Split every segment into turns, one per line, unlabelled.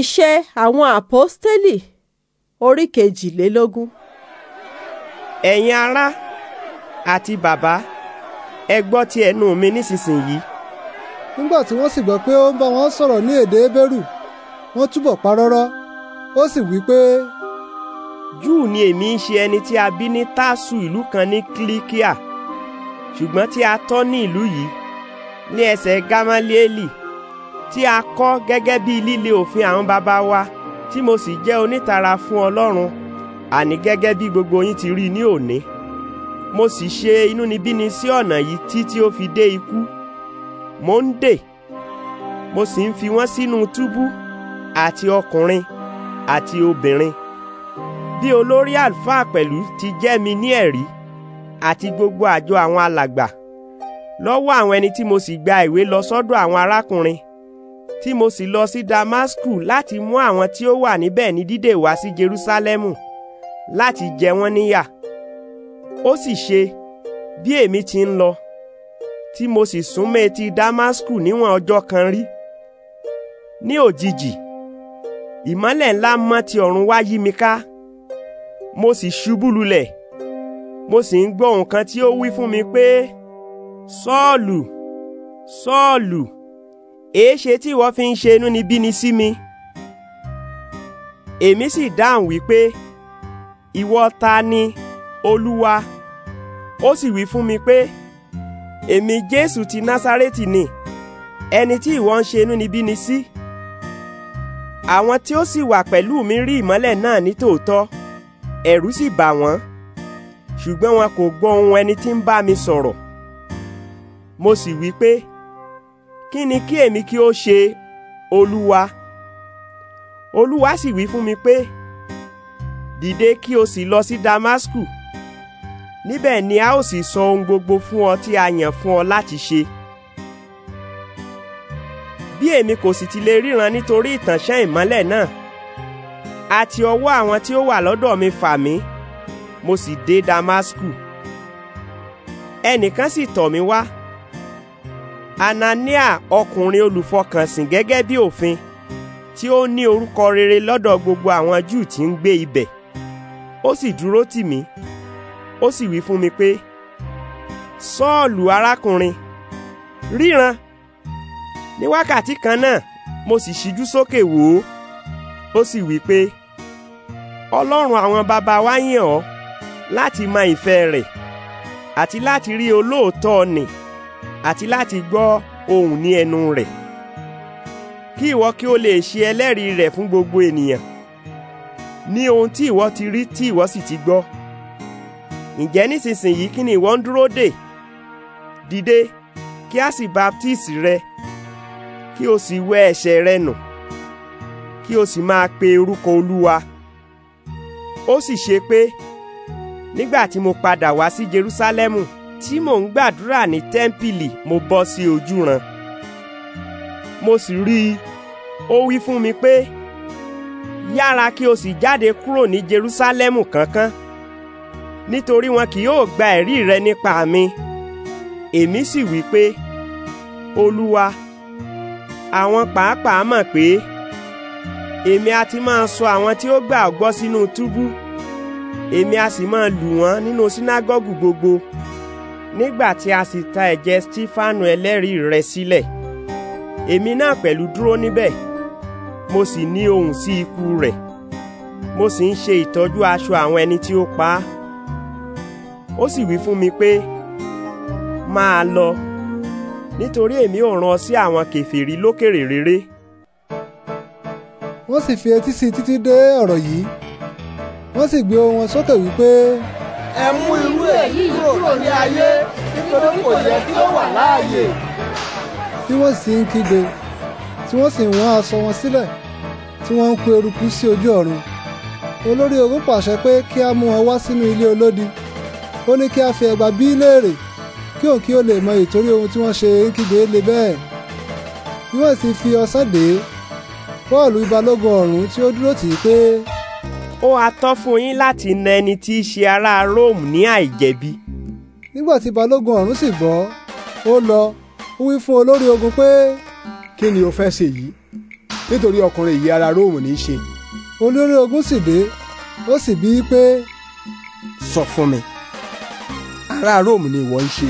Iṣẹ́ àwọn Àpọ́stélì orí kejìlélógún. Ẹ̀yin ará àti bàbá ẹ gbọ́ ti ẹnu mi nísinsìnyí. Nígbà tí wọ́n sì gbọ́ pé ó ń bá wọn sọ̀rọ̀ ní èdè Hébérù, wọ́n túbọ̀ parọ́rọ́, ó sì wí pé. Júù ni èmi ń ṣe ẹni tí a bí ní Tásù ìlú kan ní Kílíkíà, ṣùgbọ́n tí a tọ́ ní ìlú yìí ní ẹsẹ̀ Gamalieli tí a kọ́ gẹ́gẹ́ bí líle òfin àwọn baba wa tí mo sì jẹ́ onítara fún Ọlọ́run àní gẹ́gẹ́ bí gbogbo yín ti rí ní òní mo sì ṣe inúnibíni sí ọ̀nà yìí títí ó fi dé ikú mo ń dè mo sì ń fi wọ́n sínú túbú àti ọkùnrin àti obìnrin bí olórí àlùfáà pẹ̀lú ti jẹ́ mi ní ẹ̀rí àti gbogbo àjọ àwọn alàgbà lọ́wọ́ àwọn ẹni tí mo sì gba ìwé lọ sọ́dọ̀ àwọn arákùnrin tí mo sì lọ sí Damasku láti mú àwọn tí ó wà níbẹ̀ ní dídè wá sí Jerúsálẹ́mù láti jẹ wọ́n níyà ó sì ṣe bí èmi ti ń lọ tí mo sì súnmọ́ etí Damasku níwọ̀n ọjọ́ kan rí ní òjijì ìmọ́lẹ̀ ńlá mọ́ ti ọ̀run wá yí mi ká mo sì ṣubú lulẹ̀ mo sì ń gbọ́ ohùn kan tí ó wí fún mi pé sọ́ọ̀lù sọ́ọ̀lù. So èéṣe tí ìwọ fi ń ṣe inúnibíni sí mi èmi sì dáhùn wípé ìwọ ta ni olúwa ó sì wí fún mi pé èmi jésù ti násárẹ́tì ni ẹni tí ìwọ ń ṣe inúnibíni sí àwọn tí ó sì wà pẹ̀lú mi rí ìmọ́lẹ̀ náà ní tòótọ́ ẹ̀rù sì bà wọ́n ṣùgbọ́n wọn kò gbọ́ ohùn ẹni tí ń bá mi sọ̀rọ̀ mo sì wí pé kí ni kí èmi kí ó ṣe olúwa olúwa sì wí fún mi pé dìde kí o sì lọ sí Damasku níbẹ̀ ni a ó sì sọ ohun gbogbo fún ọ tí a yàn fún ọ láti ṣe bí èmi kò sì ti lè ríran nítorí ìtànṣẹ́ ìmọ́lẹ̀ náà àti ọwọ́ àwọn tí ó wà lọ́dọ̀ mi fà mí mo sì dé Damasku ẹnìkan sì tọ̀ mí wá anania ọkùnrin olùfọkànsìn gẹ́gẹ́ bí òfin tí ó ní orúkọ rere lọ́dọ̀ gbogbo àwọn júù tí ń gbé ibẹ̀ ó sì dúró tì mí ó sì wí fún mi pé sọ́ọ̀lù arákùnrin ríran ní wákàtí kan náà mo sì ṣíjú sókè wò ó ó sì wí pé ọlọ́run àwọn bàbá wa yàn ọ́ láti mọ ìfẹ́ rẹ̀ àti láti rí olóòótọ́ nì àti láti gbọ́ ohùn ní ẹnu rẹ̀ kí ìwọ kí o lè ṣe ẹlẹ́rìí rẹ̀ fún gbogbo ènìyàn ní ohun tí ìwọ ti rí tí ìwọ sì ti gbọ́ ǹjẹ́ nísinsìnyí kí ni ìwọ ń dúró dè dìde kí a sì baptisi rẹ kí o sì wẹ ẹ̀ṣẹ̀ rẹ nù kí o sì máa pe orúkọ Olúwa ó sì ṣe pé nígbà tí mo padà wá sí Jerúsálẹ́mù. Si tí mò ń gbàdúrà ní tẹ́ḿpìlì mo bọ́ sí ojúran mo sì rí i ó wí fún mi pé yára kí o sì jáde kúrò ní Jerúsálẹ́mù kánkán nítorí wọn kì yóò gba ẹ̀rí rẹ nípa mi èmi sì wí pé olúwa àwọn pàápàá mọ̀ pé èmi a ti máa sọ àwọn tí ó gbà ọ́ gbọ́ sínú túbú èmi a sì máa lù wọ́n nínú sínágọ́gù gbogbo nígbà tí a sì ta ẹ̀jẹ̀ Stífánù ẹlẹ́rìí rẹ̀ sílẹ̀ èmi náà pẹ̀lú dúró níbẹ̀ mo sì ní ohùn sí ikú rẹ̀ mo sì ń ṣe ìtọ́jú aṣọ àwọn ẹni tí ó pa á ó sì wí fún mi pé máa lọ nítorí èmi ò rán ọ sí àwọn kèfèrí lókèrè réré.
wọ́n sì fi etí sí títí dé ọ̀rọ̀ yìí wọ́n sì gbé ohùn sókè wípé ẹ mú irú èyí kúrò ní ayé nítorí kò yẹ kí ó wà láàyè. bí wọ́n sì ń kígbe tí wọ́n sì ń wọ́n aṣọ wọn sílẹ̀ tí wọ́n ń kó eruku sí ojú ọ̀run olórí ogun pàṣẹ pé kí a mú wọn wá sínú ilé olódi ó ní kí a fi ẹgba bí léèrè kí òun kí ó lè mọ ìtorí ohun tí wọ́n ṣe ń kígbe le bẹ́ẹ̀ bí wọ́n sì fi ọ̀sán dé Pọ́ọ̀lù
ìbálógun ọ̀rún tí ó dúró tì í pé ó ha tọ́ fún yín láti na ẹni tí í ṣe ará Róòmù ní àìjẹ̀bi. nígbà tí balógun ọ̀rún sì gbọ́ ó
lọ ó wí fún olórí ogun pé kí ni o fẹ́ ṣe yìí nítorí ọkùnrin yìí ará Róòmù ní í ṣe. olórí ogun sì dé ó sì bí i pé sọ fún mi ará Róòmù ni ìwọ ń ṣe.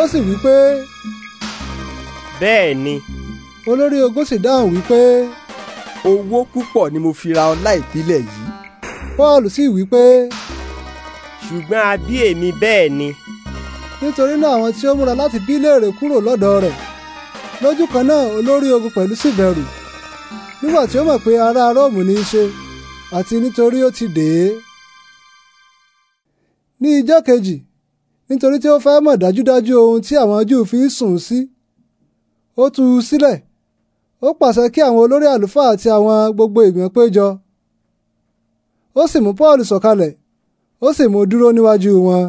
ó sì wí pé. bẹ́ẹ̀ ni. olórí ogun sì dáhùn wí pé. owó púpọ̀ ni mo fi ra ọlá ìpìlẹ̀ yìí. Paul sì wí pé.
ṣùgbọ́n a bí èmi bẹ́ẹ̀ ni.
nítorí náà àwọn tí ó múra láti bí léèrè kúrò lọ́dọ̀ rẹ̀ lójú kan náà olórí ogun pẹ̀lú sì bẹ̀rù nígbà tí ó mọ̀ pé ará róòmù ní í ṣe àti nítorí ó ti dè é. ní ijọ́ kejì nítorí tí ó fẹ́ mọ̀ dájúdájú ohun tí àwọn Júù fi ń sùn sí ó tú u sílẹ̀. Si ó pàṣẹ kí àwọn olórí àlùfáà àti àwọn gbogbo ìgbìmọ̀ péjọ ó sì mú Paul sọ̀kalẹ̀ ó sì mú dúró níwájú wọn.